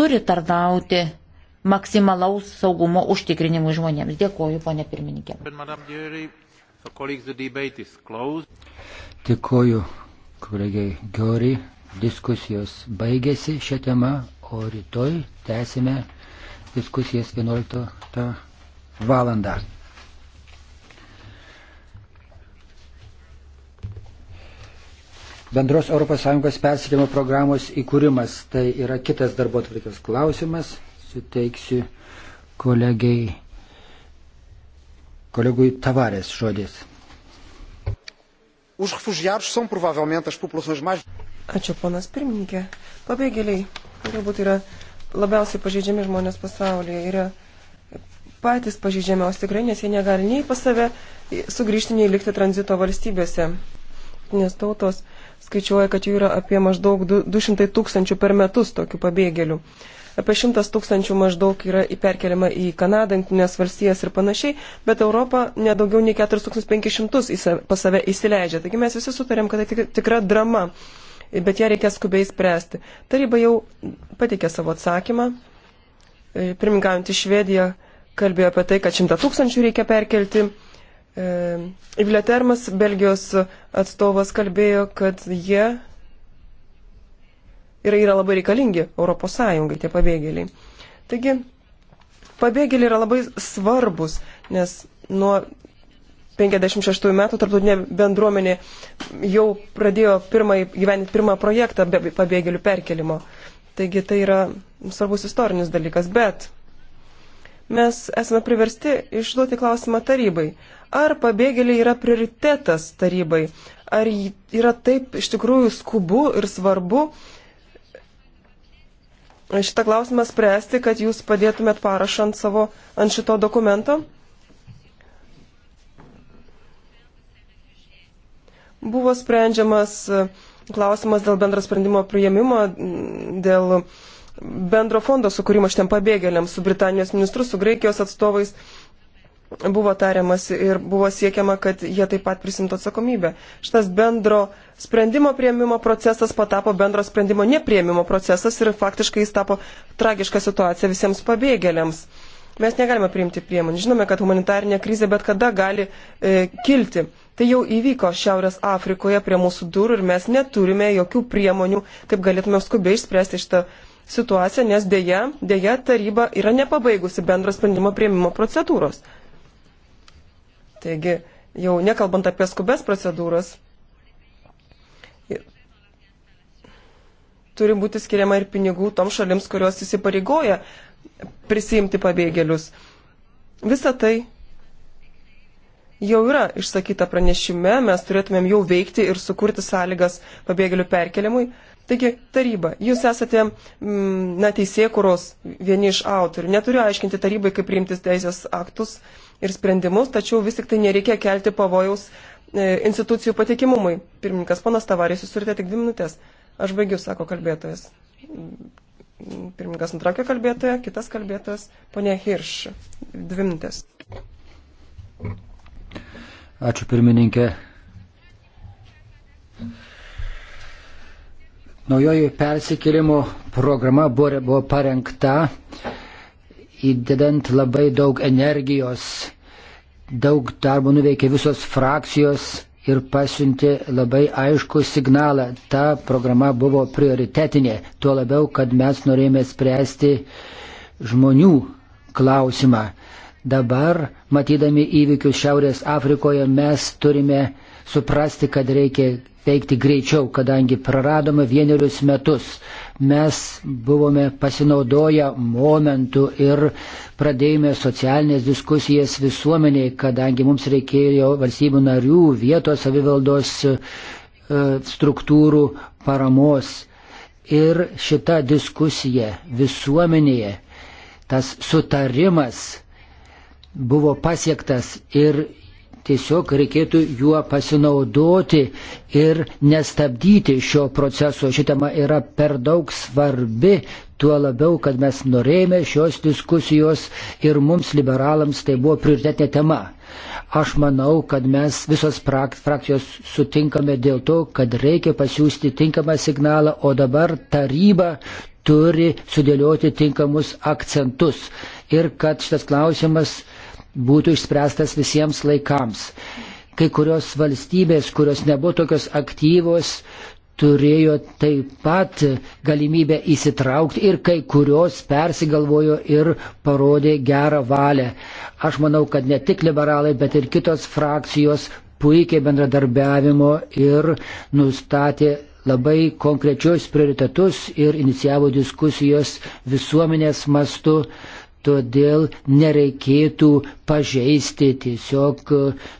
turi tarnauti maksimalaus saugumo užtikrinimui žmonėms. Dėkoju, ponė pirmininkė. Dėkoju, kolegiai Giori. Diskusijos baigėsi šią temą, o rytoj tęsime diskusijas 11 valandą. Bendros ES persikėlimo programos įkūrimas tai yra kitas darbo atvarkės klausimas. Suteiksiu kolegiai, kolegui Tavarės žodis. Os refugiados são provavelmente as populações mais. Ačiū, ponas pirmininkė. Pabėgėliai, galbūt yra labiausiai pažeidžiami žmonės pasaulyje, yra patys pažeidžiamiausi tikrai, nes jie negali nei pas save sugrįžti, nei likti tranzito valstybėse. Nes tautos skaičiuoja, kad jų yra apie maždaug 200 tūkstančių per metus tokių pabėgėlių. Apie 100 tūkstančių maždaug yra perkeliama į Kanadą, Junktinės valstijas ir panašiai, bet Europą nedaugiau nei 4500 pas save įsileidžia. Taigi mes visi sutarėm, kad tai tikra drama, bet ją reikia skubiai spręsti. Taryba jau pateikė savo atsakymą, e, pirmininkaujantį Švediją kalbėjo apie tai, kad 100 tūkstančių reikia perkelti E, Ivletermas, Belgijos atstovas, kalbėjo, kad jie yra, yra labai reikalingi Europos Sąjungai, tie pabėgėliai. Taigi, pabėgėliai yra labai svarbus, nes nuo 56 metų tarptautinė bendruomenė jau pradėjo gyventi pirmą projektą pabėgėlių perkelimo. Taigi tai yra svarbus istorinis dalykas, bet mes esame priversti išduoti klausimą tarybai. Ar pabėgėliai yra prioritetas tarybai? Ar yra taip iš tikrųjų skubu ir svarbu šitą klausimą spręsti, kad jūs padėtumėt parašą ant, savo, ant šito dokumento? Buvo sprendžiamas klausimas dėl bendras sprendimo priėmimo, dėl uh, bendro fondo sukūrimo šitiem pabėgėliams su Britanijos ministru, su Graikijos atstovais buvo tariamasi ir buvo siekiama, kad jie taip pat prisimtų atsakomybę. Šitas bendro sprendimo prieimimo procesas patapo bendro sprendimo neprieimimo procesas ir faktiškai jis tapo tragišką situaciją visiems pabėgėliams. Mes negalime priimti priemonių. Žinome, kad humanitarinė krizė bet kada gali e, kilti. Tai jau įvyko Šiaurės Afrikoje prie mūsų durų ir mes neturime jokių priemonių, kaip galėtume skubiai išspręsti šitą problemą situaciją, nes dėja, dėja taryba yra nepabaigusi bendro sprendimo prieimimo procedūros. Taigi, jau nekalbant apie skubės procedūras, turi būti skiriama ir pinigų tom šalims, kurios įsipareigoja prisijimti pabėgėlius. Visa tai jau yra išsakyta pranešime, mes turėtumėm jau veikti ir sukurti sąlygas pabėgėlių perkeliamui. Taigi, taryba, jūs esate mm, na, teisėkuros vieni iš autorių. Neturiu aiškinti tarybai, kaip priimtis teisės aktus ir sprendimus, tačiau vis tik tai nereikia kelti pavojaus e, institucijų patikimumui. Pirmininkas, ponas Tavarės, jūs turite tik dvi minutės. Aš baigiu, sako kalbėtojas. Pirmininkas nutraukė kalbėtoją, kitas kalbėtojas, ponė Hirš. Dvi minutės. Ačiū pirmininkė. Thank you. Naujoji persikėlimo programa buvo, buvo parengta įdedant labai daug energijos, daug darbo nuveikė visos frakcijos ir pasiunti labai aišku signalą. Ta programa buvo prioritetinė, tuo labiau, kad mes norėjome spręsti žmonių klausimą. Dabar, matydami įvykius Šiaurės Afrikoje, mes turime suprasti, kad reikia veikti greičiau, kadangi praradome vienerius metus. Mes buvome pasinaudoję momentu ir pradėjome socialinės diskusijas visuomeniai, kadangi mums reikėjo valstybių narių, vietos savivaldos e, struktūrų paramos. Ir šita diskusija visuomenėje, tas sutarimas buvo pasiektas ir tiesiog reikėtų juo pasinaudoti ir nestabdyti šio proceso. Šitama yra per daug svarbi, tuo labiau, kad mes norėjome šios diskusijos ir mums liberalams tai buvo prioritetinė tema. Aš manau, kad mes visos frakcijos sutinkame dėl to, kad reikia pasiūsti tinkamą signalą, o dabar taryba turi sudėlioti tinkamus akcentus ir kad šitas klausimas būtų išspręstas visiems laikams. Kai kurios valstybės, kurios nebuvo tokios aktyvos, turėjo taip pat galimybę įsitraukti ir kai kurios persigalvojo ir parodė gerą valią. Aš manau, kad ne tik liberalai, bet ir kitos frakcijos puikiai bendradarbiavimo ir nustatė labai konkrečius prioritetus ir inicijavo diskusijos visuomenės mastu todėl nereikėtų pažeisti, tiesiog e,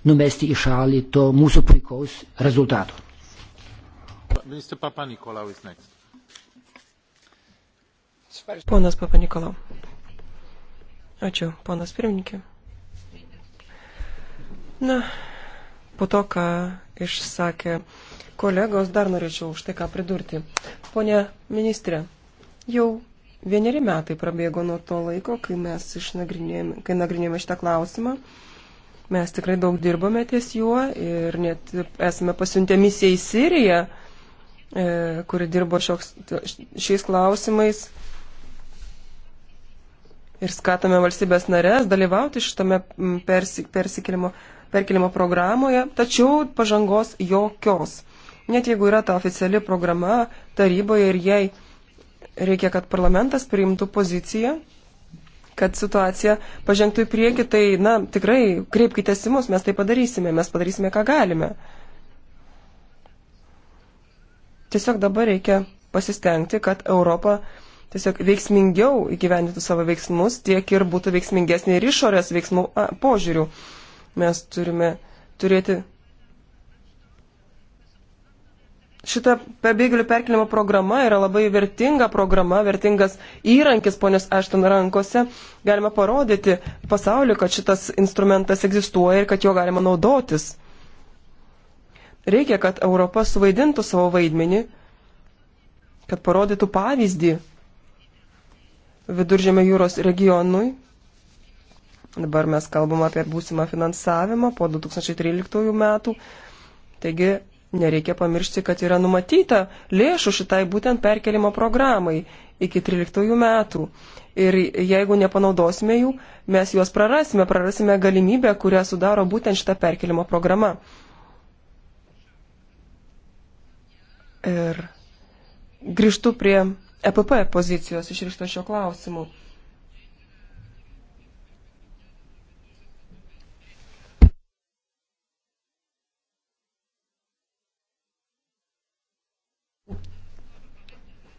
numesti į šalį to mūsų puikaus rezultato. Papa Ponas Papa Nikolau. Ačiū, ponas pirmininkė. Na, po to, ką išsakė kolegos, dar norėčiau už tai ką pridurti. Pone ministrė, jau Vieneri metai prabėgo nuo to laiko, kai mes išnagrinėjome, kai nagrinėjome šitą klausimą. Mes tikrai daug dirbame ties juo ir net esame pasiuntę misiją į Siriją, e, kuri dirbo šioks, šiais klausimais. Ir skatame valstybės narės dalyvauti šitame persi, persikėlimo, perkelimo programoje, tačiau pažangos jokios. Net jeigu yra ta oficiali programa taryboje ir jai reikia, kad parlamentas priimtų poziciją, kad situacija pažengtų į priekį, tai, na, tikrai kreipkite į mus, mes tai padarysime, mes padarysime, ką galime. Tiesiog dabar reikia pasistengti, kad Europa tiesiog veiksmingiau įgyvendintų savo veiksmus, tiek ir būtų veiksmingesnė ir išorės veiksmų a, požiūrių. Mes turime turėti šita pabėgėlių perkelimo programa yra labai vertinga programa, vertingas įrankis ponios Ašton rankose. Galima parodyti pasauliu, kad šitas instrumentas egzistuoja ir kad jo galima naudotis. Reikia, kad Europa suvaidintų savo vaidmenį, kad parodytų pavyzdį viduržėmio jūros regionui. Dabar mes kalbam apie būsimą finansavimą po 2013 metų. Taigi Nereikia pamiršti, kad yra numatyta lėšų šitai būtent perkelimo programai iki 13 metų. Ir jeigu nepanaudosime jų, mes juos prarasime, prarasime galimybę, kurią sudaro būtent šita perkelimo programa. Ir grįžtu prie EPP pozicijos išrišto šio klausimu.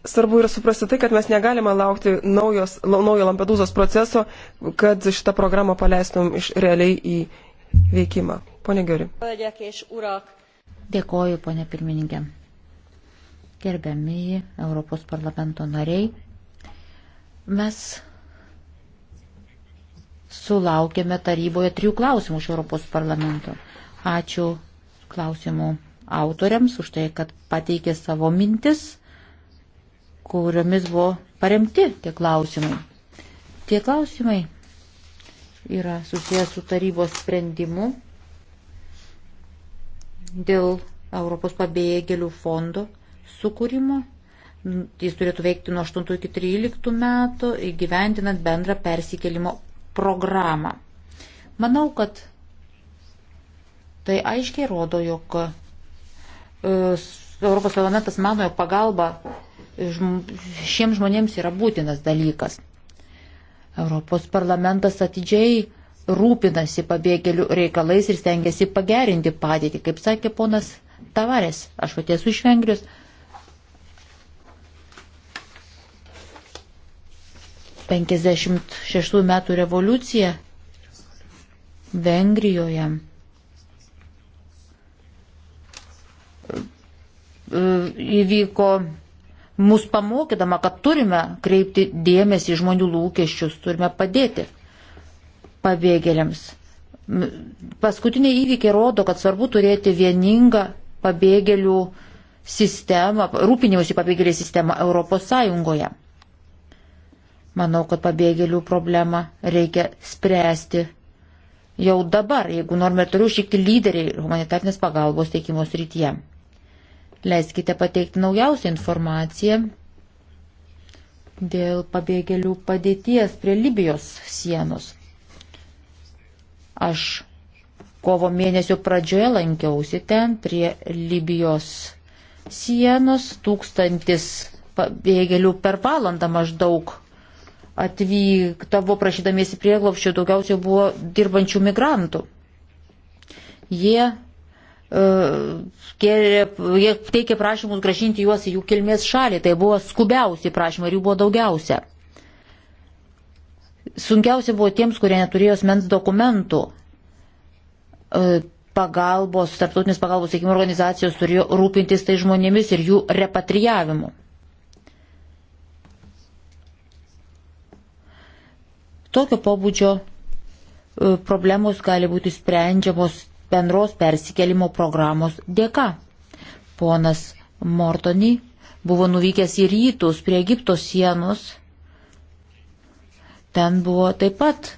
Svarbu yra suprasti tai, kad mes negalime laukti naujos, naujo Lampedūzos proceso, kad šitą programą paleistum iš realiai į veikimą. Pone Geri. Dėkoju, ponė pirmininkė. Gerbiamieji Europos parlamento nariai, mes sulaukėme taryboje trijų klausimų iš Europos parlamento. Ačiū klausimų autoriams už tai, kad pateikė savo mintis kuriomis buvo paremti tie klausimai. Tie klausimai yra susijęs su tarybos sprendimu dėl Europos pabėgėlių fondo sukūrimo. Jis turėtų veikti nuo 8 iki 13 metų, įgyvendinant bendrą persikėlimo programą. Manau, kad tai aiškiai rodo, jog e, Europos parlamentas mano, jog pagalba šiems žmonėms yra būtinas dalykas. Europos parlamentas atidžiai rūpinasi pabėgėlių reikalais ir stengiasi pagerinti padėtį, kaip sakė ponas Tavarės, aš pati esu iš Vengrijos. Penkisdešimt šeštų metų revoliucija Vengrijoje įvyko mus pamokydama, kad turime kreipti dėmesį į žmonių lūkesčius, turime padėti pabėgėliams. Paskutiniai įvykiai rodo, kad svarbu turėti vieningą pabėgėlių sistemą, rūpinimusi pabėgėlių sistemą Europos Sąjungoje. Manau, kad pabėgėlių problemą reikia spręsti jau dabar, jeigu norime turiu išlikti lyderiai humanitarnės pagalbos teikimo srityje. Leiskite pateikti naujausią informaciją dėl pabėgėlių padėties prie Libijos sienos. Aš kovo mėnesio pradžioje lankiausi ten prie Libijos sienos, tūkstantis pabėgėlių per valandą maždaug atvyktavo prašydamiesi prieglopščio, daugiausiai buvo dirbančių migrantų. Jie E, kėlė, jie teikė prašymus gražinti juos į jų kilmės šalį. Tai buvo skubiausi prašymai ir jų buvo daugiausia. Sunkiausia buvo tiems, kurie neturėjo asmens dokumentų. E, pagalbos, tarptautinės pagalbos teikimo organizacijos turėjo rūpintis tai žmonėmis ir jų repatrijavimu. Tokio pobūdžio e, problemos gali būti sprendžiamos bendros persikelimo programos dėka. Ponas Mortoni buvo nuvykęs į rytus prie Egipto sienos. Ten buvo taip pat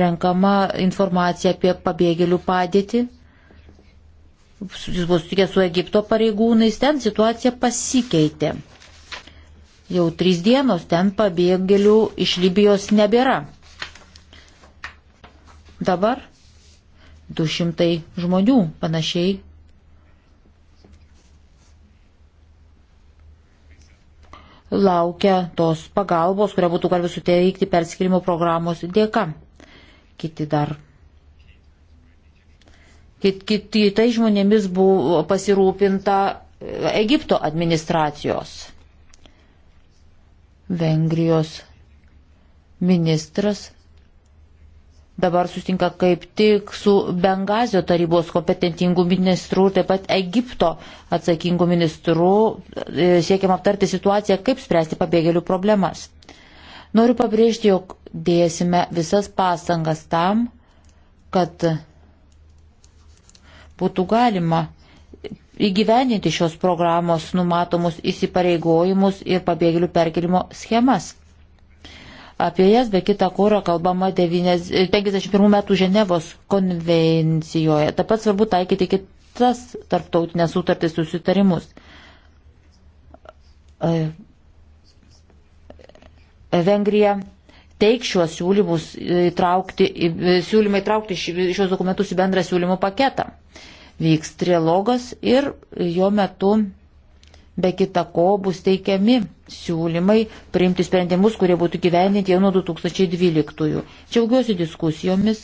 renkama informacija apie pabėgėlių padėtį. Jis buvo sutikęs su Egipto pareigūnais, ten situacija pasikeitė. Jau trys dienos ten pabėgėlių iš Libijos nebėra. Dabar 200 žmonių panašiai. laukia tos pagalbos, kurią būtų galima suteikti perskirimo programos dėka. Kiti dar. Kit, kit, kitai žmonėmis buvo pasirūpinta Egipto administracijos. Vengrijos ministras dabar sustinka kaip tik su Bengazio tarybos kompetentingų ministrų, taip pat Egipto atsakingų ministrų, e, siekiam aptarti situaciją, kaip spręsti pabėgėlių problemas. Noriu pabrėžti, jog dėsime visas pastangas tam, kad būtų galima įgyveninti šios programos numatomus įsipareigojimus ir pabėgėlių perkelimo schemas. Apie jas be kita kūro kalbama 51 e, metų Ženevos konvencijoje. Taip pat svarbu taikyti kitas tarptautinės sutartys susitarimus. E, e, Vengrija teiks šiuos siūlymus įtraukti, siūlymą įtraukti šiuos dokumentus į bendrą siūlymų paketą. Vyks trilogas ir jo metu Be kita ko bus teikiami siūlymai priimti sprendimus, kurie būtų gyveninti jau nuo 2012. Džiaugiuosi diskusijomis,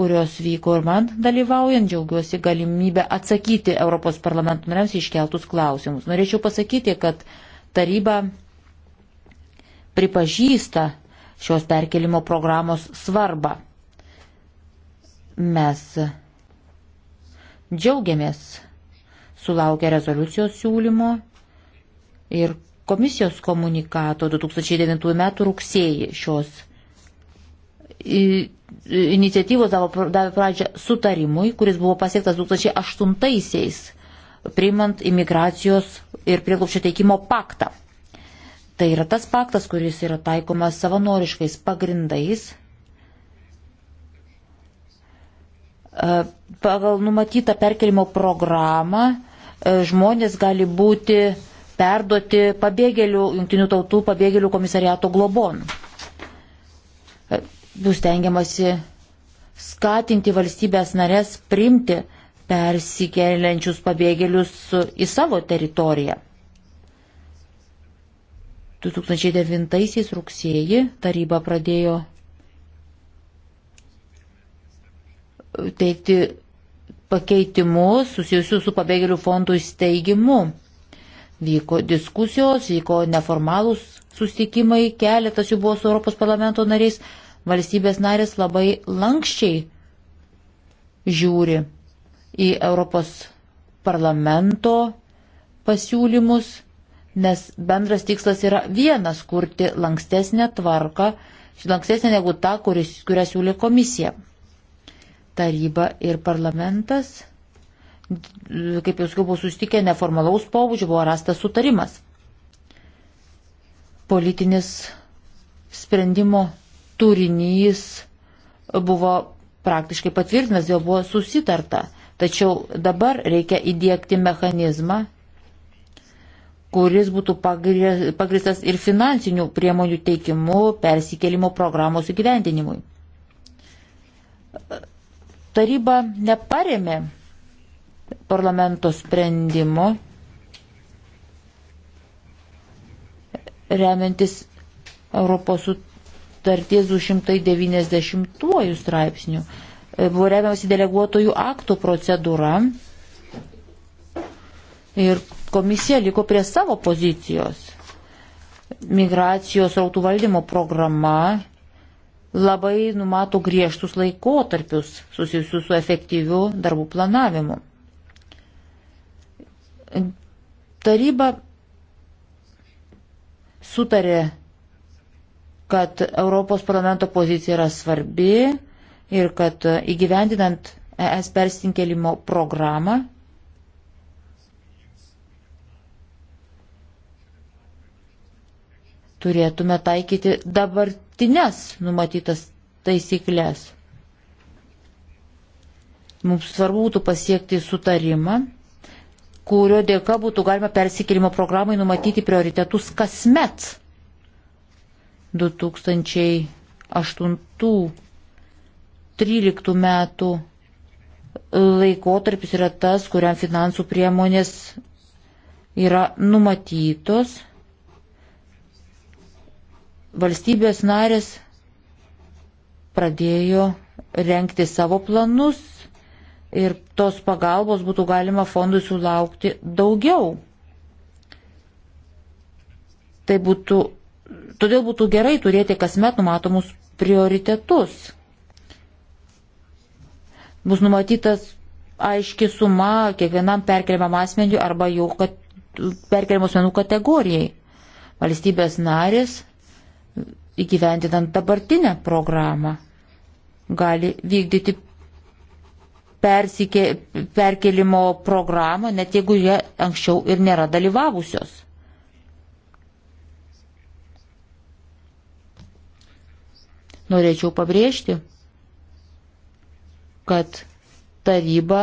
kurios vyko ir man dalyvaujant, džiaugiuosi galimybę atsakyti Europos parlamento nariams iškeltus klausimus. Norėčiau pasakyti, kad taryba pripažįsta šios perkelimo programos svarbą. Mes džiaugiamės sulaukia rezoliucijos siūlymo ir komisijos komunikato 2009 m. rugsėjį šios iniciatyvos davė pradžią sutarimui, kuris buvo pasiektas 2008-aisiais, priimant imigracijos ir prieglupščio teikimo paktą. Tai yra tas paktas, kuris yra taikomas savanoriškais pagrindais e, pagal numatytą perkelimo programą E, žmonės gali būti perduoti pabėgėlių, jungtinių tautų pabėgėlių komisariato globon. E, bus tengiamasi skatinti valstybės narės primti persikeliančius pabėgėlius į savo teritoriją. 2009 rugsėjį taryba pradėjo teikti pakeitimus susijusius su pabėgėlių fondų įsteigimu. Vyko diskusijos, vyko neformalūs susitikimai, keletas jų buvo su Europos parlamento nariais, valstybės narės labai lankščiai žiūri į Europos parlamento pasiūlymus, nes bendras tikslas yra vienas - kurti lankstesnę tvarką, lankstesnę negu tą, kuris, kurią siūlė komisija. Taryba ir parlamentas, kaip jau sakiau, buvo sustikę neformalaus pobūdžio, buvo rastas sutarimas. Politinis sprendimo turinys buvo praktiškai patvirtinas, jau buvo susitarta. Tačiau dabar reikia įdėkti mechanizmą, kuris būtų pagristas ir finansinių priemonių teikimu persikėlimo programos įgyvendinimui. Taryba neparėmė parlamento sprendimu remiantis Europos sutarties 290 straipsnių. E, buvo remiamasi deleguotojų aktų procedūra ir komisija liko prie savo pozicijos. Migracijos rautų valdymo programa labai numato griežtus laikotarpius susijusius su efektyviu darbų planavimu. Taryba sutarė, kad Europos parlamento pozicija yra svarbi ir kad įgyvendinant ES persinkelimo programą turėtume taikyti dabar septynes numatytas taisyklės. Mums svarbu būtų pasiekti sutarimą, kurio dėka būtų galima persikėlimo programai numatyti prioritetus kasmet 2008-2013 metų laikotarpis yra tas, kuriam finansų priemonės yra numatytos valstybės narės pradėjo renkti savo planus ir tos pagalbos būtų galima fondui sulaukti daugiau. Tai būtų, todėl būtų gerai turėti kasmet numatomus prioritetus. Bus numatytas aiški suma kiekvienam perkeliamam asmeniu arba jų perkeliamų asmenų kategorijai. Valstybės narės įgyvendinant dabartinę programą gali vykdyti persikė, perkelimo programą, net jeigu jie anksčiau ir nėra dalyvavusios. Norėčiau pabrėžti, kad taryba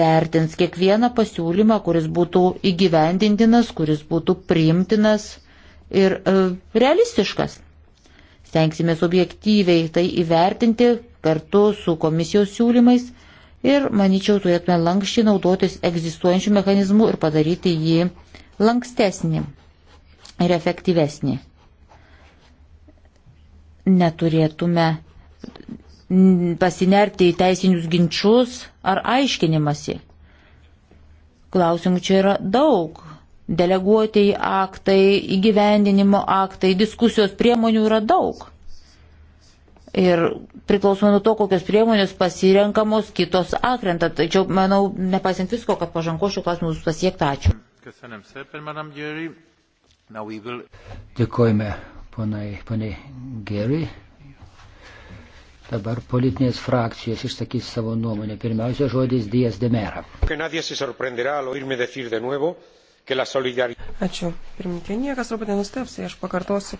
vertins kiekvieną pasiūlymą, kuris būtų įgyvendintinas, kuris būtų priimtinas ir e, realistiškas. Stengsime objektyviai tai įvertinti kartu su komisijos siūlymais ir, manyčiau, turėtume lankščiai naudotis egzistuojančių mechanizmų ir padaryti jį lankstesnį ir efektyvesnį. Neturėtume pasinerti į teisinius ginčius ar aiškinimasi. Klausimų čia yra daug deleguotieji aktai, įgyvendinimo aktai, diskusijos priemonių yra daug. Ir priklausomai nuo to, kokios priemonės pasirenkamos, kitos akrenta. Tačiau, manau, nepaisant visko, kad pažango šių klausimų bus pasiekta. Ačiū. Dėkojame poniai Gerai. Dabar politinės frakcijos išsakys savo nuomonę. Pirmiausia, žodis Dijas Demera. Que nadie se sorprenderá al oírme decir de nuevo que la solidaridad. Ačiū. Pirmininkė, niekas turbūt nenusteps, jei aš pakartosiu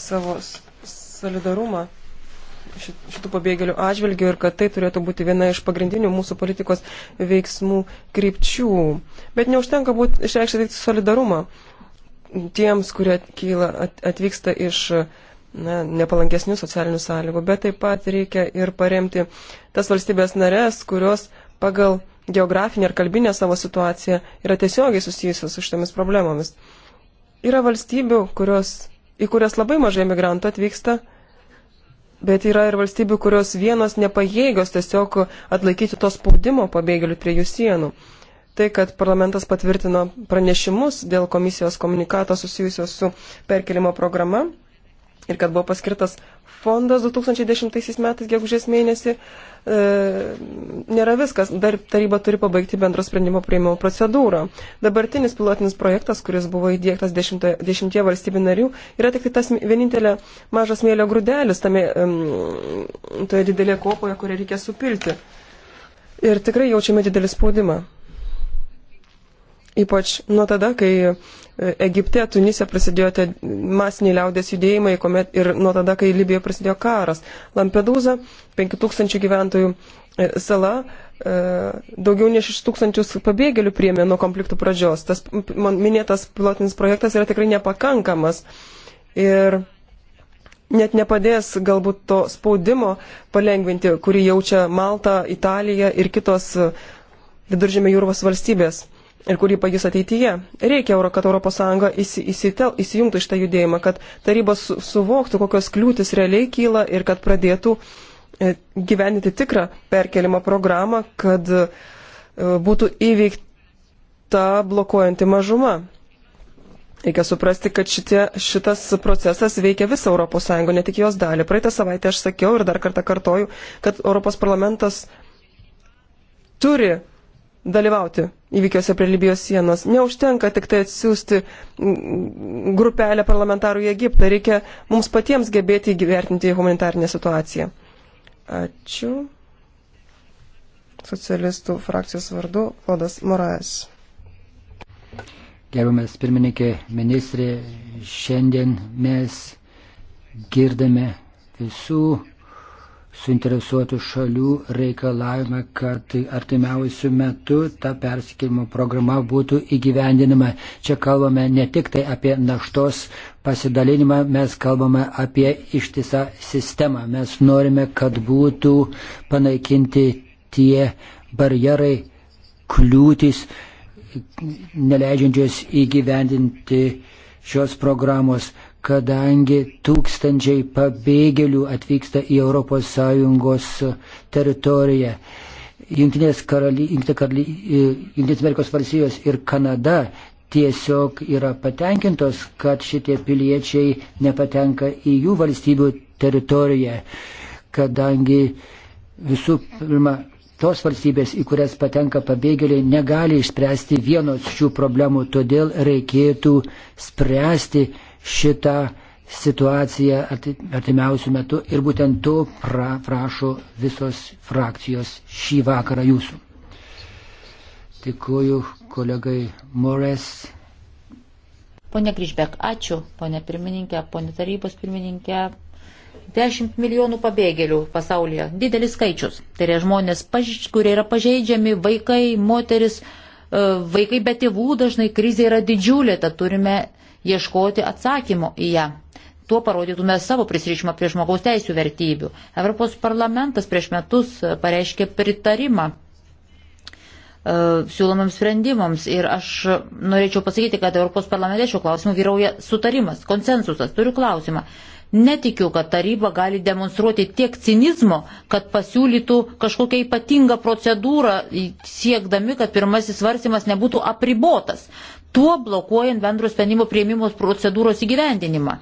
savo solidarumą šitų pabėgėlių atžvilgių ir kad tai turėtų būti viena iš pagrindinių mūsų politikos veiksmų krypčių. Bet neužtenka būti išreikšti tik solidarumą tiems, kurie kyla, atvyksta iš na, nepalankesnių socialinių sąlygų, bet taip pat reikia ir paremti tas valstybės narės, kurios pagal geografinė ir kalbinė savo situacija yra tiesiogiai susijusios su šitomis problemomis. Yra valstybių, kurios, į kurias labai mažai migrantų atvyksta, bet yra ir valstybių, kurios vienos nepajėgios tiesiog atlaikyti to spaudimo pabėgėlių prie jų sienų. Tai, kad parlamentas patvirtino pranešimus dėl komisijos komunikato susijusios su perkelimo programa, ir kad buvo paskirtas fondas 2010 metais, gegužės mėnesį, e, nėra viskas. Dar taryba turi pabaigti bendro sprendimo prieimimo procedūrą. Dabartinis pilotinis projektas, kuris buvo įdėktas dešimtie, dešimtie valstybių narių, yra tik tai tas vienintelė mažas mėlio grūdelis tame, e, toje didelėje kopoje, kurią reikia supilti. Ir tikrai jaučiame didelį spaudimą. Ypač nuo tada, kai e, Egipte, Tunise prasidėjo masiniai liaudės judėjimai kuomet, ir nuo tada, kai Libijoje prasidėjo karas. Lampedusa, 5000 gyventojų e, sala, e, daugiau nei 6000 pabėgėlių priemė nuo konfliktų pradžios. Tas man minėtas pilotinis projektas yra tikrai nepakankamas. Ir net nepadės galbūt to spaudimo palengvinti, kurį jaučia Malta, Italija ir kitos viduržėmė jūros valstybės ir kurį pajus ateityje. Reikia, kad ES įsitel, įsijungtų šitą judėjimą, kad tarybas suvoktų, kokios kliūtis realiai kyla ir kad pradėtų e, gyveninti tikrą perkelimo programą, kad e, būtų įveikta blokuojanti mažuma. Reikia suprasti, kad šitie, šitas procesas veikia visą ES, ne tik jos dalį. Praeitą savaitę aš sakiau ir dar kartą kartoju, kad ES turi dalyvauti įvykiuose prie Libijos sienos. Neužtenka tik tai atsiųsti grupelę parlamentarų į Egiptą, reikia mums patiems gebėti įgyvertinti humanitarinę situaciją. Ačiū. Socialistų frakcijos vardu Klodas Moraes. Gerbiamas pirmininkė, ministrė, šiandien mes girdame visų suinteresuotų šalių reikalavimą, kad tai artimiausių metų ta persikėlimo programa būtų įgyvendinama. Čia kalbame ne tik tai apie naštos pasidalinimą, mes kalbame apie ištisą sistemą. Mes norime, kad būtų panaikinti tie barjerai, kliūtis, neleidžiančios įgyvendinti šios programos kadangi tūkstančiai pabėgėlių atvyksta į ES teritoriją. Junktinės e, Amerikos valstijos ir Kanada tiesiog yra patenkintos, kad šitie piliečiai nepatenka į jų valstybių teritoriją, kadangi visų pirma, tos valstybės, į kurias patenka pabėgėliai, negali išspręsti vienos šių problemų, todėl reikėtų spręsti šitą situaciją artimiausių metų ir būtent to pra, prašo visos frakcijos šį vakarą jūsų. Tikuoju kolegai Mores. Pone Grįžbek, ačiū, pone pirmininkė, pone tarybos pirmininkė. 10 milijonų pabėgėlių pasaulyje. Didelis skaičius. Tai yra žmonės, kurie yra pažeidžiami, vaikai, moteris, e, vaikai be tėvų dažnai krizė yra didžiulė, tad turime ieškoti atsakymo į ją. Tuo parodytume savo prisirišimą prie žmogaus teisų vertybių. Europos parlamentas prieš metus pareiškė pritarimą e, siūlomams sprendimams. Ir aš norėčiau pasakyti, kad Europos parlamente šiuo klausimu vyrauja sutarimas, konsensusas. Turiu klausimą. Netikiu, kad taryba gali demonstruoti tiek cinizmo, kad pasiūlytų kažkokią ypatingą procedūrą, siekdami, kad pirmasis svarstymas nebūtų apribotas tuo blokuojant bendro sprendimo prieimimo procedūros įgyvendinimą.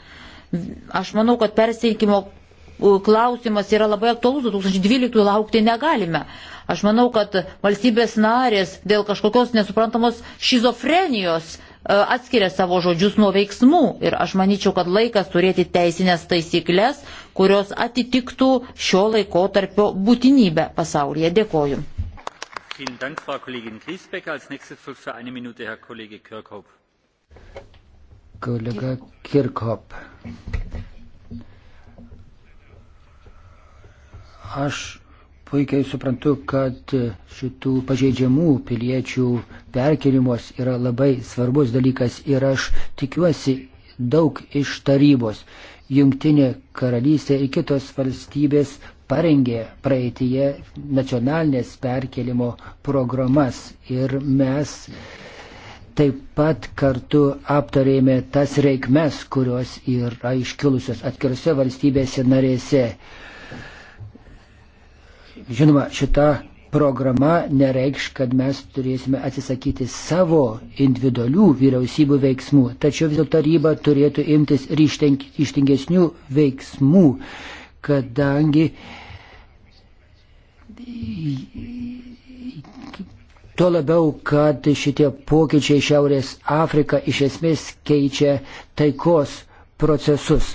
Aš manau, kad persiekimo klausimas yra labai aktuolus, 2012 laukti negalime. Aš manau, kad valstybės narės dėl kažkokios nesuprantamos šizofrenijos e, atskiria savo žodžius nuo veiksmų ir aš manyčiau, kad laikas turėti teisinės taisyklės, kurios atitiktų šio laiko tarpio būtinybę pasaulyje. Dėkoju. Kolega Kirkop. Aš puikiai suprantu, kad šitų pažeidžiamų piliečių perkelimas yra labai svarbus dalykas ir aš tikiuosi daug iš tarybos. Jungtinė karalystė ir kitos valstybės parengė praeitie nacionalinės perkelimo programas ir mes taip pat kartu aptarėme tas reikmes, kurios yra iškilusios atskirose valstybėse narėse. Žinoma, šita programa nereikš, kad mes turėsime atsisakyti savo individualių vyriausybių veiksmų, tačiau vis dėlto taryba turėtų imtis ryštingesnių veiksmų kadangi Tuo labiau, kad šitie pokyčiai Šiaurės Afrika iš esmės keičia taikos procesus.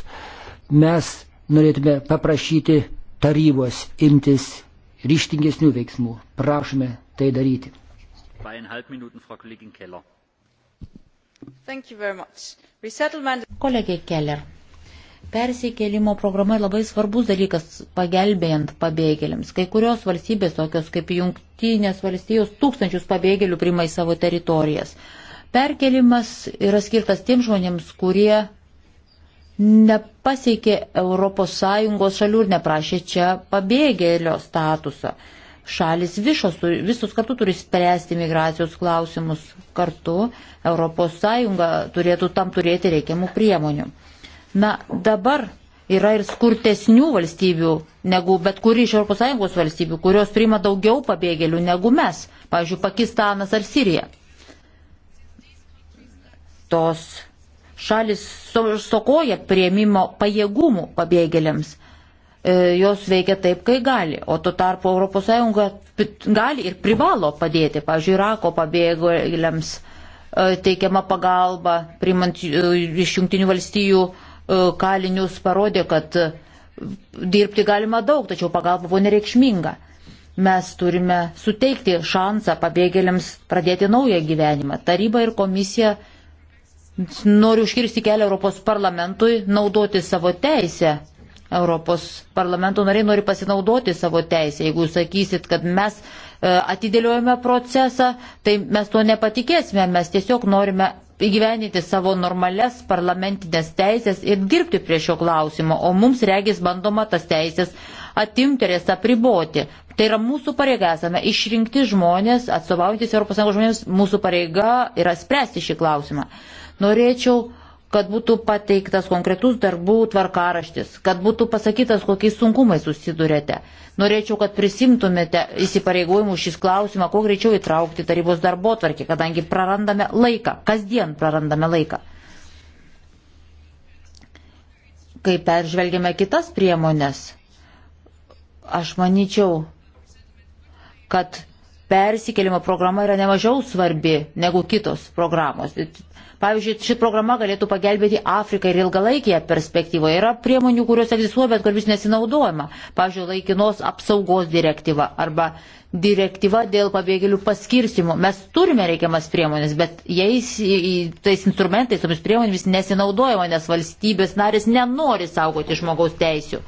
Mes norėtume paprašyti tarybos imtis ryštingesnių veiksmų. Prašome tai daryti. Kolegė Keller. Persikėlimo programa labai svarbus dalykas pagelbėjant pabėgėliams. Kai kurios valstybės, tokios kaip Junktinės valstijos, tūkstančius pabėgėlių priima į savo teritorijas. Perkelimas yra skirtas tiem žmonėms, kurie nepasiekė ES šalių ir neprašė čia pabėgėlio statuso. Šalis visos, visos kartu turi spręsti migracijos klausimus kartu, ES turėtų tam turėti reikiamų priemonių. Na, dabar yra ir skurtesnių valstybių negu bet kuri iš ES valstybių, kurios priima daugiau pabėgėlių negu mes, pavyzdžiui, Pakistanas ar Sirija. Tos šalis stokoja prieimimo pajėgumų pabėgėliams. E, jos veikia taip, kai gali, o tuo tarpu ES gali ir privalo padėti, pavyzdžiui, Irako pabėgėliams e, teikiama pagalba, primant e, iš jungtinių valstybių E, kalinius parodė, kad dirbti galima daug, tačiau pagalba buvo nereikšminga. Mes turime suteikti šansą pabėgėliams pradėti naują gyvenimą. Taryba ir komisija nori užkirsti kelią Europos parlamentui naudoti savo teisę. Europos parlamento nariai nori pasinaudoti savo teisę. Jeigu jūs sakysit, kad mes e, atidėliojame procesą, tai mes to nepatikėsime, mes tiesiog norime įgyveninti savo normales parlamentinės teisės ir dirbti prie šio klausimo, o mums regis bandoma tas teisės atimti ir jas apriboti. Tai yra mūsų pareiga, esame išrinkti žmonės, atstovaujantis ES žmonėms, mūsų pareiga yra spręsti šį klausimą. Norėčiau kad būtų pateiktas konkretus darbų tvarkaraštis, kad būtų pasakytas, kokiais sunkumais susidurėte. Norėčiau, kad prisimtumėte įsipareigojimų šis klausimą, kuo greičiau įtraukti tarybos darbo tvarkį, kadangi prarandame laiką, kasdien prarandame laiką. Kai peržvelgėme kitas priemonės, aš manyčiau, kad persikėlimo programa yra nemažiau svarbi negu kitos programos. Pavyzdžiui, ši programa galėtų pagelbėti Afrikai ir ilgalaikėje perspektyvoje. Yra priemonių, kurios egzistuoja, bet kuriomis nesinaudojama. Pavyzdžiui, laikinos apsaugos direktyva arba direktyva dėl pabėgėlių paskirstimo. Mes turime reikiamas priemonės, bet jais, tais instrumentais, tomis priemonėmis nesinaudojama, nes valstybės narės nenori saugoti žmogaus teisių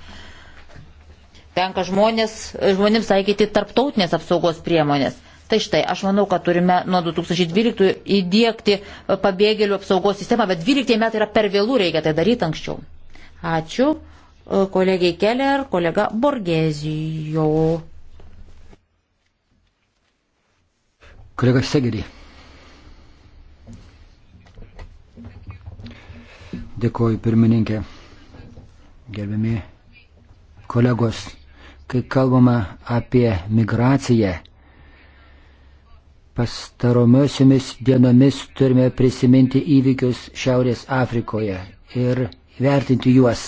tenka žmonės, žmonėms taikyti tarptautinės apsaugos priemonės. Tai štai, aš manau, kad turime nuo 2012 įdėkti e, pabėgėlių apsaugos sistemą, bet 12 metai yra per vėlų, reikia tai daryti anksčiau. Ačiū e, kolegiai Keller, kolega Borgezijo. Kolega Segerį. Dėkuoju pirmininkė, gerbiami kolegos. Kai kalbame apie migraciją, Pastaromosiomis dienomis turime prisiminti įvykius Šiaurės Afrikoje ir vertinti juos.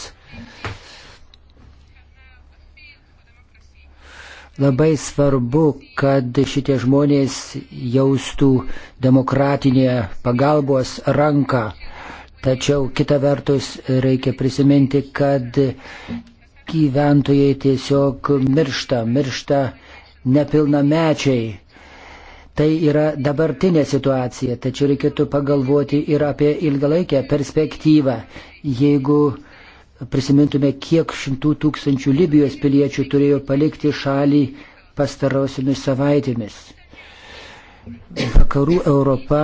Labai svarbu, kad šitie žmonės jaustų demokratinę pagalbos ranką. Tačiau kita vertus reikia prisiminti, kad gyventojai tiesiog miršta, miršta nepilnamečiai Tai yra dabartinė situacija, tačiau reikėtų pagalvoti ir apie ilgalaikę perspektyvą. Jeigu prisimintume, kiek šimtų tūkstančių Libijos piliečių turėjo palikti šalį pastarosiomis savaitėmis. Vakarų Europa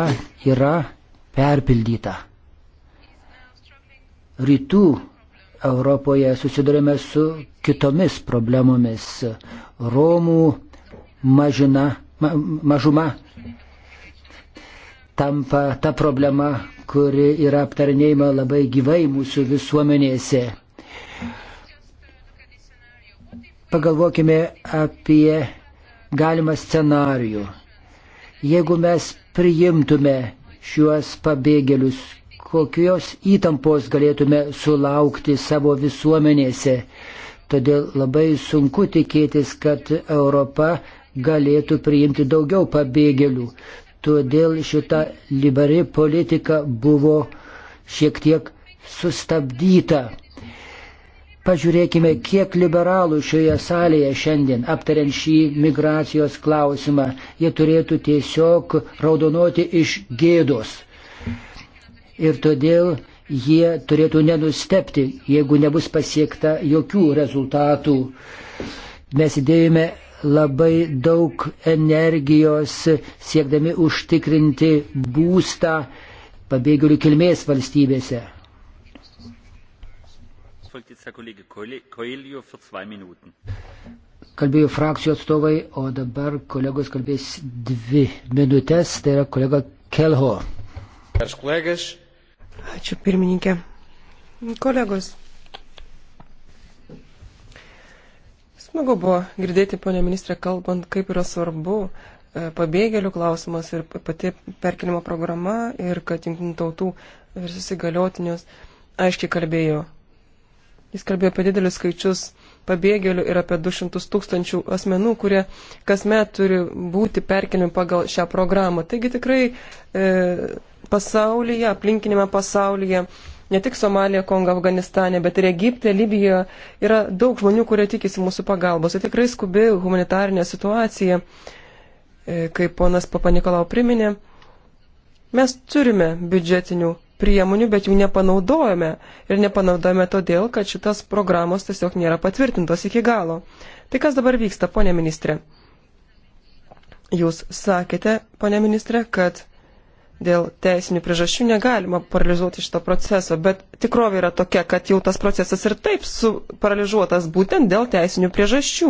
yra perpildyta. Rytų Europoje susidurime su kitomis problemomis. Romų mažina ma, mažuma tampa ta problema, kuri yra aptarnėjama labai gyvai mūsų visuomenėse. Pagalvokime apie galimą scenarijų. Jeigu mes priimtume šiuos pabėgėlius, kokios įtampos galėtume sulaukti savo visuomenėse. Todėl labai sunku tikėtis, kad Europa galėtų priimti daugiau pabėgėlių. Todėl šita liberi politika buvo šiek tiek sustabdyta. Pažiūrėkime, kiek liberalų šioje salėje šiandien aptariant šį migracijos klausimą. Jie turėtų tiesiog raudonuoti iš gėdos. Ir todėl jie turėtų nenustepti, jeigu nebus pasiekta jokių rezultatų. Mes įdėjome labai daug energijos siekdami užtikrinti būstą pabėgėlių kilmės valstybėse. Kalbėjo frakcijų atstovai, o dabar kolegos kalbės dvi minutės, tai yra kolega Kelho. Ačiū pirmininkė. Kolegos, Smagu buvo girdėti, ponė ministrė, kalbant, kaip yra svarbu e, pabėgėlių klausimas ir pati perkelimo programa ir kad jungtinių tautų ir susigaliotinius aiškiai kalbėjo. Jis kalbėjo apie didelius skaičius pabėgėlių ir apie 200 tūkstančių asmenų, kurie kasmet turi būti perkeliami pagal šią programą. Taigi tikrai e, pasaulyje, aplinkinėme pasaulyje ne tik Somalija, Kongo, Afganistane, bet ir Egipte, Libijoje yra daug žmonių, kurie tikisi mūsų pagalbos. Tai tikrai skubi humanitarinė situacija, e, kaip ponas Papa Nikolau priminė. Mes turime biudžetinių priemonių, bet jų nepanaudojame. Ir nepanaudojame todėl, kad šitas programos tiesiog nėra patvirtintos iki galo. Tai kas dabar vyksta, ponė ministrė? Jūs sakėte, ponė ministrė, kad dėl teisinių priežasčių negalima paralizuoti šito proceso, bet tikrovė yra tokia, kad jau tas procesas ir taip paralizuotas būtent dėl teisinių priežasčių.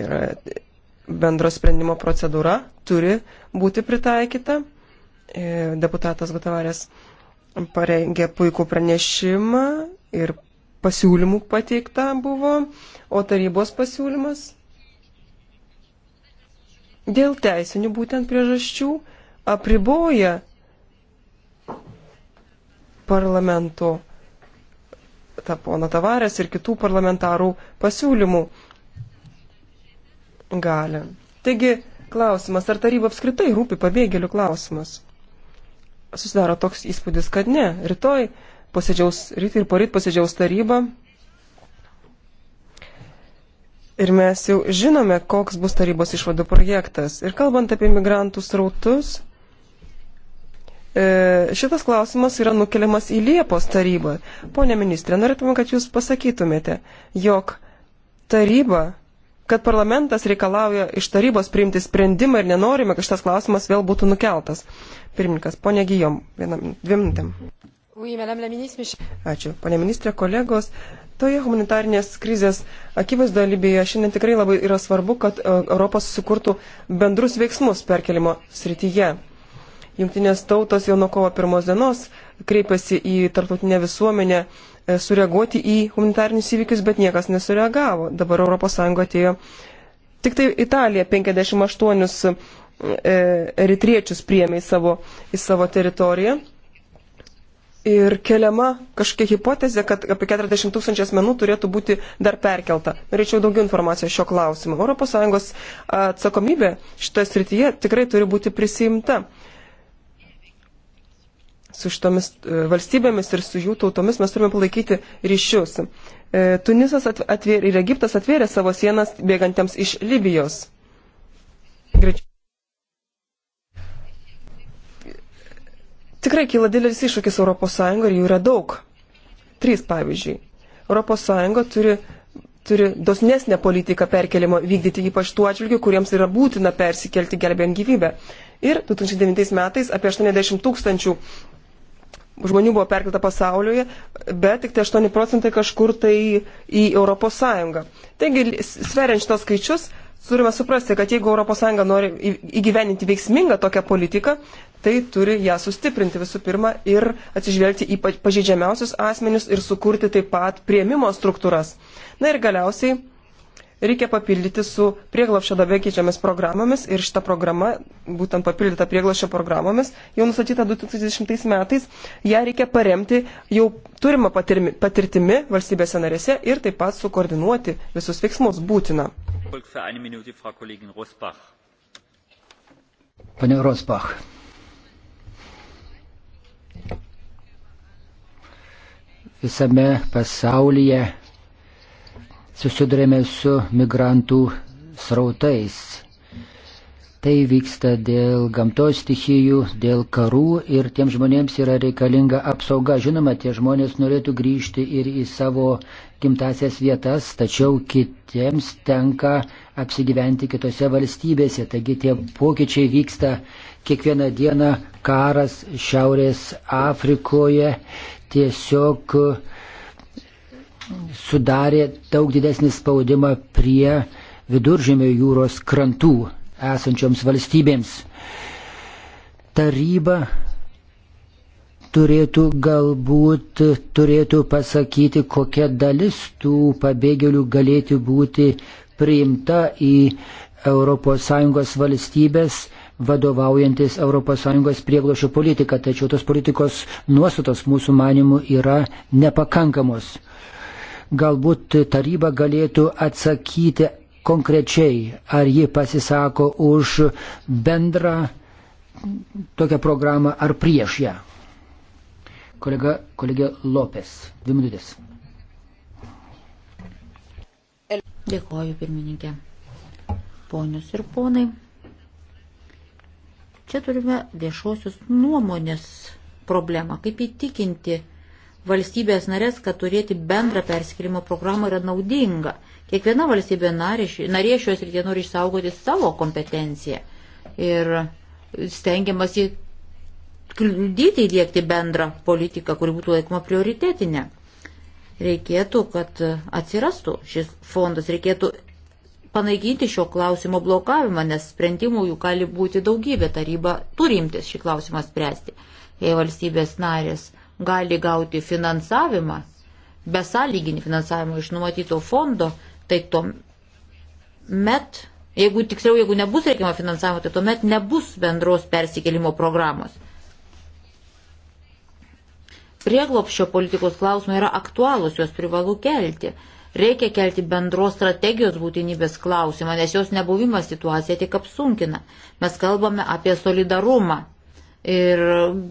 Yra bendro sprendimo procedūra, turi būti pritaikyta. Deputatas Gutavarės parengė puikų pranešimą ir pasiūlymų pateikta buvo, o tarybos pasiūlymas dėl teisinių būtent priežasčių apriboja parlamento, ta pono Tavarės ir kitų parlamentarų pasiūlymų gali. Taigi, klausimas, ar taryba apskritai rūpi pabėgėlių klausimas? Susidaro toks įspūdis, kad ne. Rytoj posėdžiaus, ryt ir poryt posėdžiaus taryba. Ir mes jau žinome, koks bus tarybos išvadų projektas. Ir kalbant apie migrantų srautus, E, šitas klausimas yra nukeliamas į Liepos tarybą. Pone ministrė, norėtume, kad jūs pasakytumėte, jog taryba, kad parlamentas reikalauja iš tarybos priimti sprendimą ir nenorime, kad šitas klausimas vėl būtų nukeltas. Pirmininkas, ponė Gijom, vienam, dviem minutėm. Ačiū, ponė ministrė, kolegos. Toje humanitarinės krizės akivaizdoje Libijoje šiandien tikrai labai yra svarbu, kad e, Europas sukurtų bendrus veiksmus perkelimo srityje Junktinės tautos jau nuo kovo pirmos dienos kreipėsi į tarptautinę visuomenę e, sureaguoti į humanitarinius įvykius, bet niekas nesureagavo. Dabar ES atėjo tik tai Italija 58 e, eritriečius priemė į savo, į savo teritoriją. Ir keliama kažkokia hipotezė, kad apie 40 tūkstančių asmenų turėtų būti dar perkelta. Norėčiau daugiau informacijos šio klausimu. ES atsakomybė šitoje srityje tikrai turi būti prisimta su šitomis e, valstybėmis ir su jų tautomis mes turime palaikyti ryšius. E, Tunisas atvėrė, ir Egiptas atvėrė savo sienas bėgantiems iš Libijos. Greičiau. Tikrai kyla didelis iššūkis ES ir jų yra daug. Trys pavyzdžiui. ES turi, turi dosnesnę politiką perkelimo vykdyti ypač tuo atžvilgiu, kuriems yra būtina persikelti gelbėjant gyvybę. Ir 2009 metais apie 80 tūkstančių žmonių buvo perkelta pasaulyje, bet tik tai 8 procentai kažkur tai į Europos Sąjungą. Taigi, sveriant šitos skaičius, turime suprasti, kad jeigu ES nori įgyveninti veiksmingą tokią politiką, tai turi ją sustiprinti visų pirma ir atsižvelgti į pažeidžiamiausius asmenius ir sukurti taip pat prieimimo struktūras. Na ir galiausiai reikia papildyti su prieglapšio dabe keičiamis programomis ir šita programa, būtent papildyta prieglapšio programomis, jau nustatyta 2010 metais, ją reikia paremti jau turimą patirmi, patirtimi valstybėse narėse ir taip pat sukoordinuoti visus veiksmus būtina. Pane Rosbach. Visame pasaulyje susidurėme su migrantų srautais. Tai vyksta dėl gamtos stichijų, dėl karų ir tiem žmonėms yra reikalinga apsauga. Žinoma, tie žmonės norėtų grįžti ir į savo gimtasias vietas, tačiau kitiems tenka apsigyventi kitose valstybėse. Taigi tie pokyčiai vyksta kiekvieną dieną. Karas Šiaurės Afrikoje tiesiog uh, sudarė daug didesnį spaudimą prie viduržėmio jūros krantų esančioms valstybėms. Taryba turėtų galbūt turėtų pasakyti, kokia dalis tų pabėgėlių galėtų būti priimta į ES valstybės vadovaujantis ES prieglošio politika, tačiau tos politikos nuostatos mūsų manimų yra nepakankamos. Galbūt taryba galėtų atsakyti konkrečiai, ar ji pasisako už bendrą tokią programą ar prieš ją. Kolega, kolegė Lopes, dvi minutės. Dėkoju, pirmininkė. Ponius ir ponai, čia turime viešosios nuomonės problemą, kaip įtikinti valstybės narės, kad turėti bendrą persikėlimo programą yra naudinga. Kiekviena valstybė narė šios rytie nori išsaugoti savo kompetenciją ir stengiamasi kliudyti įdėkti bendrą politiką, kuri būtų laikoma prioritetinė. Reikėtų, kad atsirastų šis fondas, reikėtų panaikinti šio klausimo blokavimą, nes sprendimų jų gali būti daugybė, taryba turi imtis šį klausimą spręsti, jei valstybės narės gali gauti finansavimą, besąlyginį finansavimą iš numatyto fondo, tai tuomet, jeigu tiksliau, jeigu nebus reikiamo finansavimo, tai tuomet nebus bendros persikelimo programos. Prieglopščio politikos klausimai yra aktualūs, juos privalu kelti. Reikia kelti bendros strategijos būtinybės klausimą, nes jos nebuvimas situaciją tik apsunkina. Mes kalbame apie solidarumą Ir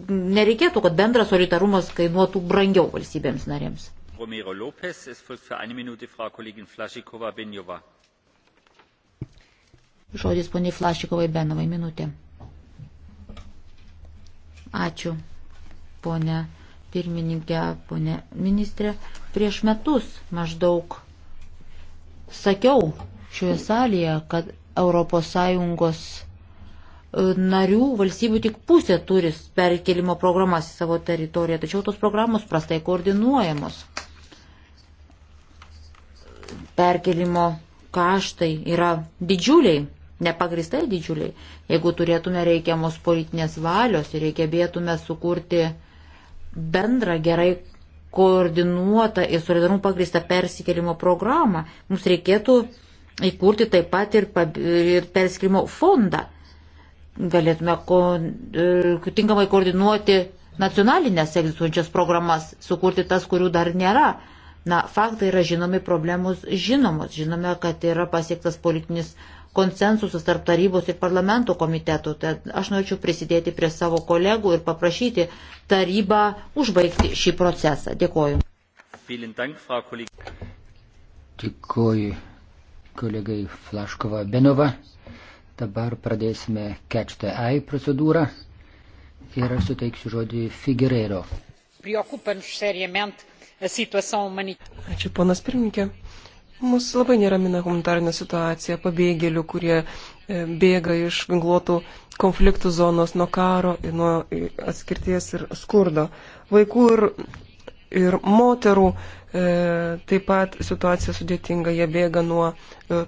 nereikėtų, kad bendras solidarumas kainuotų brangiau valstybėms narėms. Lopez, minute, Flašikova, Žodis poniai Flašikovai Benovai minutė. Ačiū, ponė pirmininkė, ponė ministrė. Prieš metus maždaug sakiau šioje salėje, kad ES narių valstybių tik pusė turi perkelimo programas į savo teritoriją, tačiau tos programos prastai koordinuojamos. Perkelimo kaštai yra didžiuliai, nepagristai didžiuliai. Jeigu turėtume reikiamos politinės valios ir reikėbėtume sukurti bendrą gerai koordinuotą ir solidarumų pagristą persikelimo programą, mums reikėtų įkurti taip pat ir, ir persikelimo fondą galėtume ko, e, tinkamai koordinuoti nacionalinės egzistuojančias programas, sukurti tas, kurių dar nėra. Na, faktai yra žinomi, problemos žinomos. Žinome, kad yra pasiektas politinis konsensusas tarp tarybos ir parlamento komitetų. Tad aš norėčiau prisidėti prie savo kolegų ir paprašyti tarybą užbaigti šį procesą. Dėkoju. Dėkoju kolegai Flaškova Benova. Dabar pradėsime catch the eye procedūrą ir aš suteiksiu žodį Figuereiro. Ačiū, ponas pirmininkė. Mus labai neramina humanitarinė situacija pabėgėlių, kurie e, bėga iš ginkluotų konfliktų zonos nuo karo, nuo e, atskirties ir skurdo. Vaikų ir, ir moterų e, taip pat situacija sudėtinga, jie bėga nuo e,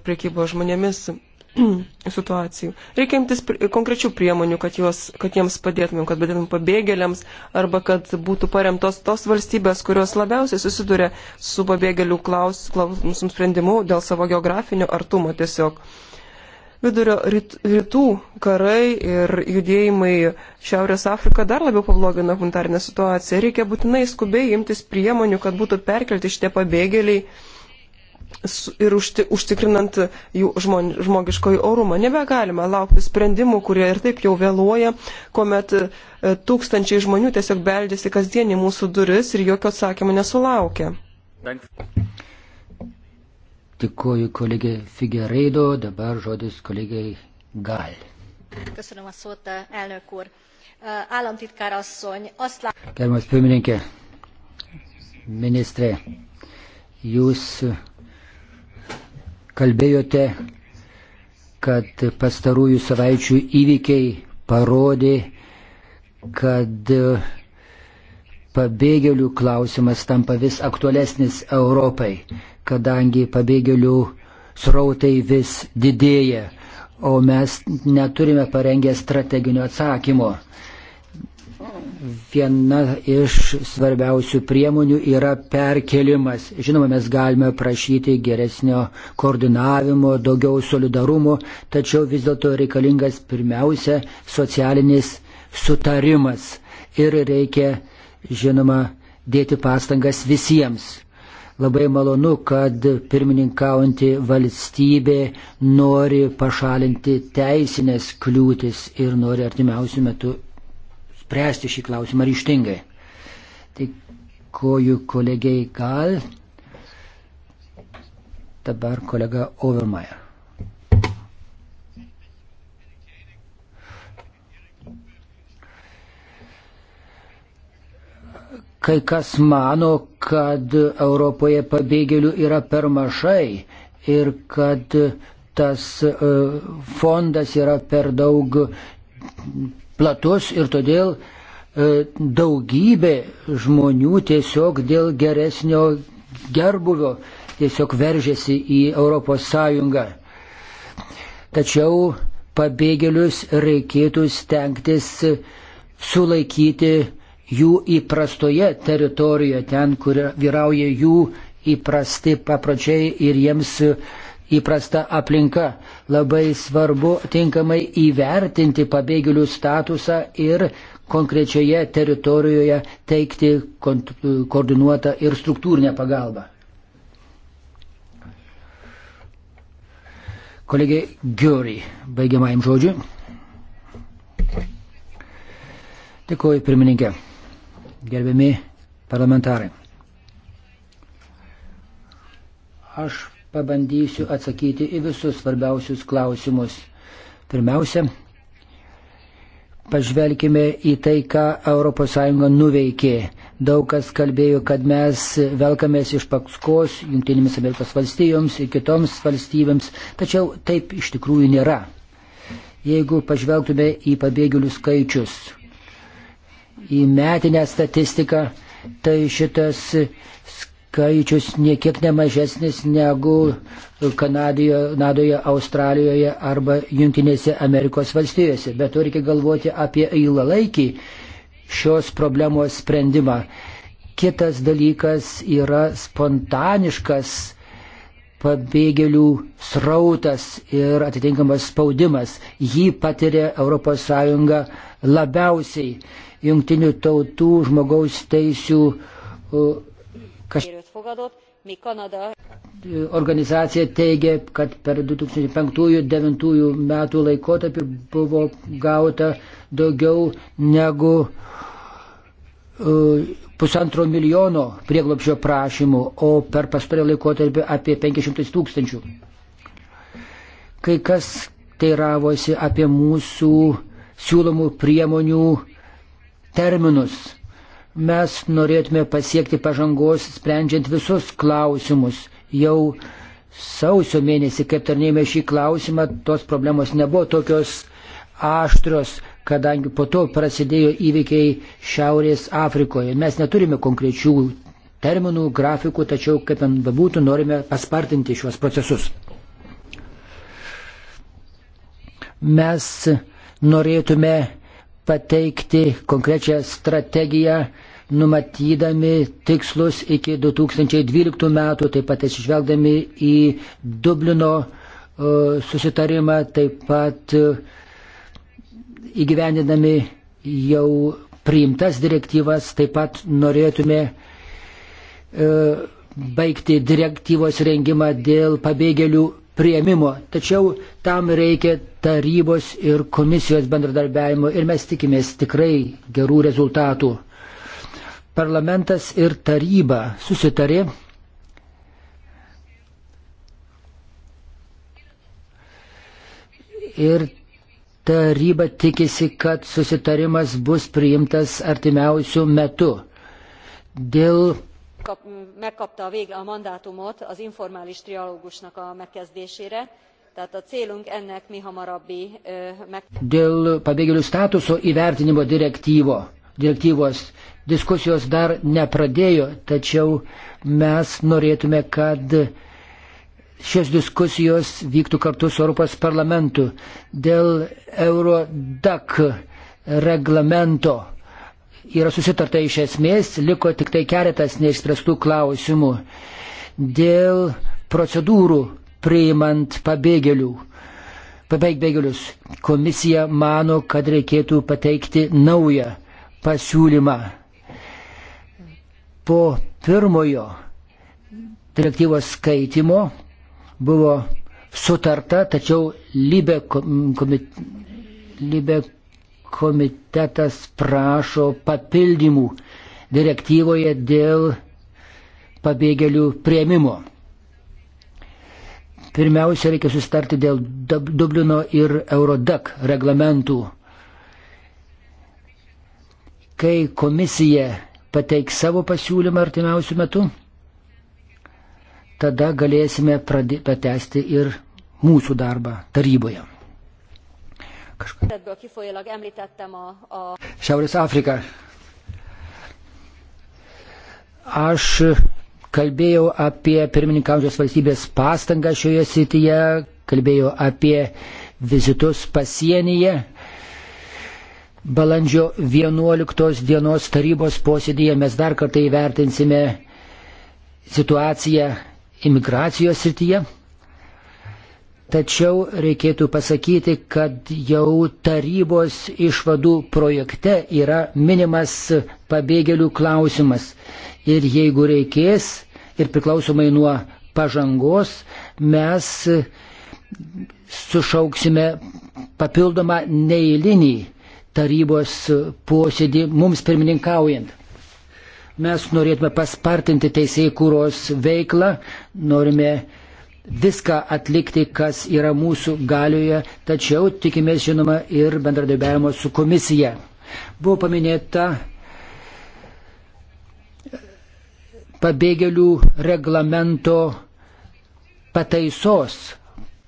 priekybo žmonėmis situacijų. Reikia imtis konkrečių priemonių, kad, juos, kad jiems padėtumėm, kad padėtumėm pabėgėliams arba kad būtų paremtos tos valstybės, kurios labiausiai susiduria su pabėgėlių klaus, klausimų sprendimu dėl savo geografinio artumo tiesiog. Vidurio ryt, rytų karai ir judėjimai Šiaurės Afrika dar labiau pablogina humanitarinę situaciją. Reikia būtinai skubiai imtis priemonių, kad būtų perkelti šitie pabėgėliai ir užti, užtikrinant jų žmon, žmogiškoj orumą. Nebegalima laukti sprendimų, kurie ir taip jau vėluoja, kuomet e, tūkstančiai žmonių tiesiog beldėsi kasdien į mūsų duris ir jokio atsakymo nesulaukia. Tikuoju kolegė Figereido, dabar žodis kolegai Gal. Gerbiamas pirmininkė, ministrė, jūs kalbėjote, kad pastarųjų savaičių įvykiai parodė, kad pabėgėlių klausimas tampa vis aktualesnis Europai, kadangi pabėgėlių srautai vis didėja, o mes neturime parengę strateginio atsakymo viena iš svarbiausių priemonių yra perkelimas. Žinoma, mes galime prašyti geresnio koordinavimo, daugiau solidarumo, tačiau vis dėlto reikalingas pirmiausia socialinis sutarimas ir reikia, žinoma, dėti pastangas visiems. Labai malonu, kad pirmininkaujanti valstybė nori pašalinti teisinės kliūtis ir nori artimiausių metų spręsti šį klausimą ryštingai. Dėkoju tai kolegiai Gal. Dabar kolega Overmeyer. Kai kas mano, kad Europoje pabėgėlių yra per mažai ir kad tas e, fondas yra per daug platus ir todėl e, daugybė žmonių tiesiog dėl geresnio gerbuvio tiesiog veržiasi į ES. Tačiau pabėgėlius reikėtų stengtis sulaikyti jų įprastoje teritorijoje, ten, kur vyrauja jų įprasti papročiai ir jiems įprasta aplinka. Labai svarbu tinkamai įvertinti pabėgėlių statusą ir konkrečioje teritorijoje teikti koordinuotą ir struktūrinę pagalbą. Kolegė Giori, baigiamajam žodžiu. Dėkuoju, pirmininkė. Gerbiami parlamentarai. Aš pabandysiu atsakyti į visus svarbiausius klausimus. Pirmiausia, pažvelkime į tai, ką ES nuveikė. Daug kas kalbėjo, kad mes velkamės iš pakskos Junktinėmis Amerikos valstijoms ir kitoms valstybėms, tačiau taip iš tikrųjų nėra. Jeigu pažvelgtume į pabėgėlių skaičius, į metinę statistiką, tai šitas skaičius skaičius niekiek nemažesnis negu Kanadijoje, Nadoje, Australijoje arba Junktinėse Amerikos valstijose. Bet to reikia galvoti apie ilgalaikį šios problemos sprendimą. Kitas dalykas yra spontaniškas pabėgėlių srautas ir atitinkamas spaudimas. Jį patiria ES labiausiai jungtinių tautų žmogaus teisių. Uh, kaž elfogadott, míg Kanada organizacija teigia, kad per 2005-2009 metų laikotarpį buvo gauta daugiau negu uh, pusantro milijono prieglopšio prašymų, o per pastarį laikotarpį apie 500 tūkstančių. Kai kas teiravosi apie mūsų siūlomų priemonių terminus Mes norėtume pasiekti pažangos, sprendžiant visus klausimus. Jau sausio mėnesį, kaip tarnėjome šį klausimą, tos problemos nebuvo tokios aštrios, kadangi po to prasidėjo įvykiai Šiaurės Afrikoje. Mes neturime konkrečių terminų, grafikų, tačiau, kaip ten bebūtų, norime paspartinti šiuos procesus. Mes norėtume pateikti konkrečią strategiją numatydami tikslus iki 2012 metų, taip pat atsižvelgdami į Dublino e, susitarimą, taip pat e, įgyvendinami jau priimtas direktyvas, taip pat norėtume e, baigti direktyvos rengimą dėl pabėgėlių prieimimo. Tačiau tam reikia tarybos ir komisijos bendradarbiavimo ir mes tikimės tikrai gerų rezultatų parlamentas ir taryba susitarė ir taryba tikisi, kad susitarimas bus priimtas artimiausių metų. Dėl megkapta a végre a mandátumot az informális trialógusnak a megkezdésére. Tehát a célunk ennek mi hamarabbi meg... Dėl pabėgėlių statuso įvertinimo direktyvo direktyvos diskusijos dar nepradėjo, tačiau mes norėtume, kad šios diskusijos vyktų kartu su Europos parlamentu dėl Eurodak reglamento. Yra susitarta iš esmės, liko tik tai keletas neišspręstų klausimų dėl procedūrų priimant pabėgėlių. Pabėgėlius komisija mano, kad reikėtų pateikti naują pasiūlymą. Po pirmojo direktyvos skaitimo buvo sutarta, tačiau Libe, komit, Libe komitetas prašo papildymų direktyvoje dėl pabėgėlių prieimimo. Pirmiausia, reikia sustarti dėl Dublino ir Eurodak reglamentų kai komisija pateiks savo pasiūlymą artimiausių metų, tada galėsime pratesti ir mūsų darbą taryboje. Kažką. Šiaurės Afrika. Aš kalbėjau apie pirmininkaujančios valstybės pastangą šioje srityje, kalbėjau apie vizitus pasienyje Balandžio 11 dienos tarybos posėdėje mes dar kartą įvertinsime situaciją imigracijos srityje. Tačiau reikėtų pasakyti, kad jau tarybos išvadų projekte yra minimas pabėgėlių klausimas. Ir jeigu reikės, ir priklausomai nuo pažangos, mes sušauksime papildomą neįlinį tarybos posėdį mums pirmininkaujant. Mes norėtume paspartinti teisėjų kūros veiklą, norime viską atlikti, kas yra mūsų galioje, tačiau tikimės žinoma ir bendradarbiavimo su komisija. Buvo paminėta pabėgėlių reglamento pataisos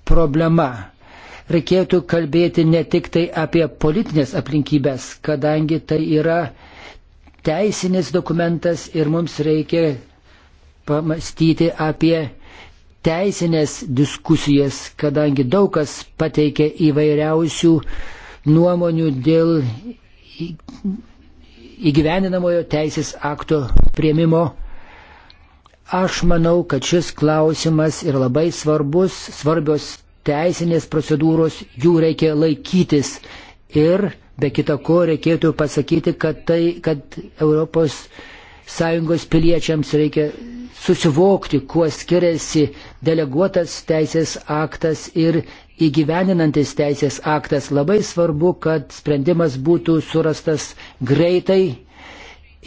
problema reikėtų kalbėti ne tik tai apie politinės aplinkybės, kadangi tai yra teisinis dokumentas ir mums reikia pamastyti apie teisinės diskusijas, kadangi daug kas pateikė įvairiausių nuomonių dėl įgyveninamojo teisės akto prieimimo. Aš manau, kad šis klausimas yra labai svarbus, svarbios teisinės procedūros, jų reikia laikytis. Ir be kita ko reikėtų pasakyti, kad, tai, kad ES piliečiams reikia susivokti, kuo skiriasi deleguotas teisės aktas ir įgyveninantis teisės aktas. Labai svarbu, kad sprendimas būtų surastas greitai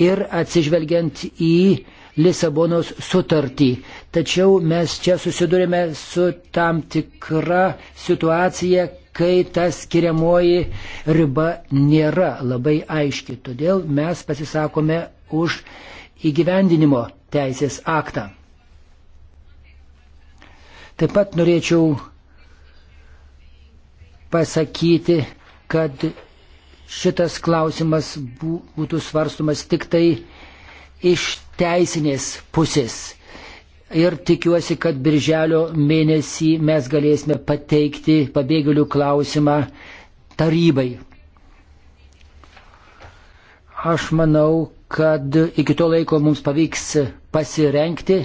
ir atsižvelgiant į Lisabonos sutartį. Tačiau mes čia susidurime su tam tikra situacija, kai ta skiriamoji riba nėra labai aiški. Todėl mes pasisakome už įgyvendinimo teisės aktą. Taip pat norėčiau pasakyti, kad šitas klausimas būtų svarstumas tik tai iš teisinės pusės. Ir tikiuosi, kad birželio mėnesį mes galėsime pateikti pabėgėlių klausimą tarybai. Aš manau, kad iki to laiko mums pavyks pasirenkti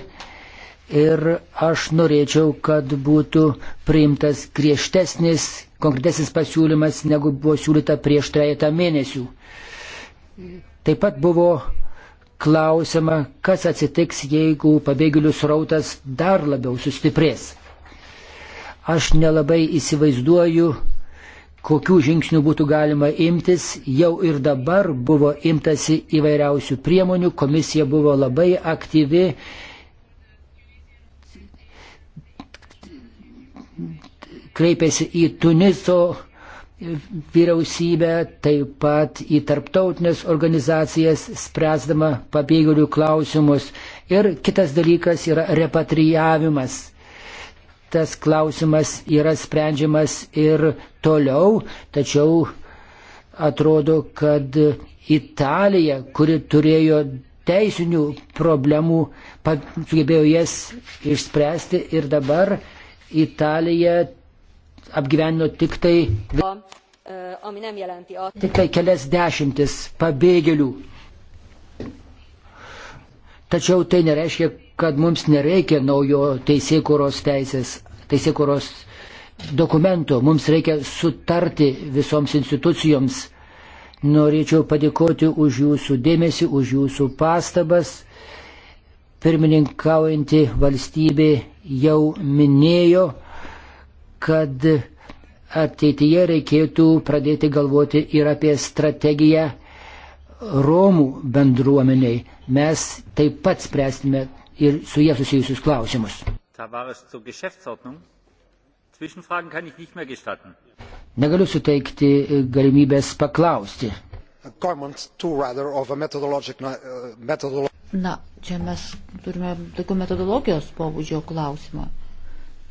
ir aš norėčiau, kad būtų priimtas griežtesnis, konkretesnis pasiūlymas, negu buvo siūlyta prieš trejata mėnesių. Taip pat buvo klausimą, kas atsitiks, jeigu pabėgėlių srautas dar labiau sustiprės. Aš nelabai įsivaizduoju, kokių žingsnių būtų galima imtis. Jau ir dabar buvo imtasi įvairiausių priemonių, komisija buvo labai aktyvi. Kreipėsi į Tuniso vyriausybę, taip pat į tarptautinės organizacijas, spręsdama pabėgėlių klausimus. Ir kitas dalykas yra repatrijavimas. Tas klausimas yra sprendžiamas ir toliau, tačiau atrodo, kad Italija, kuri turėjo teisinių problemų, sugebėjo jas išspręsti ir dabar Italija apgyvenino tik tai, e, tik tai kelias dešimtis pabėgėlių. Tačiau tai nereiškia, kad mums nereikia naujo teisėkuros teisės, teisėkuros dokumento. Mums reikia sutarti visoms institucijoms. Norėčiau padėkoti už jūsų dėmesį, už jūsų pastabas. Pirmininkaujanti valstybė jau minėjo kad ateityje reikėtų pradėti galvoti ir apie strategiją Romų bendruomeniai. Mes taip pat spręsime ir su jie susijusius klausimus. Negaliu suteikti e, galimybės paklausti. Uh, Na, čia mes turime tokių metodologijos pobūdžio klausimą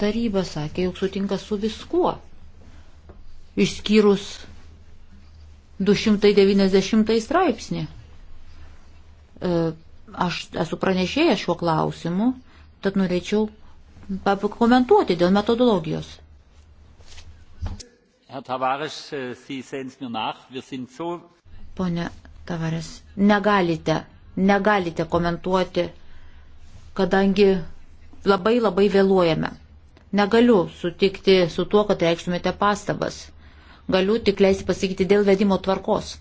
taryba sakė, jog sutinka su viskuo, išskyrus 290 straipsnį. E, aš esu pranešėjęs šiuo klausimu, tad norėčiau pakomentuoti dėl metodologijos. Äh, Pone Tavares, negalite, negalite komentuoti, kadangi labai labai vėluojame. Negaliu sutikti su tuo, kad reikštumėte pastabas. Galiu tik leisti pasakyti dėl vedimo tvarkos.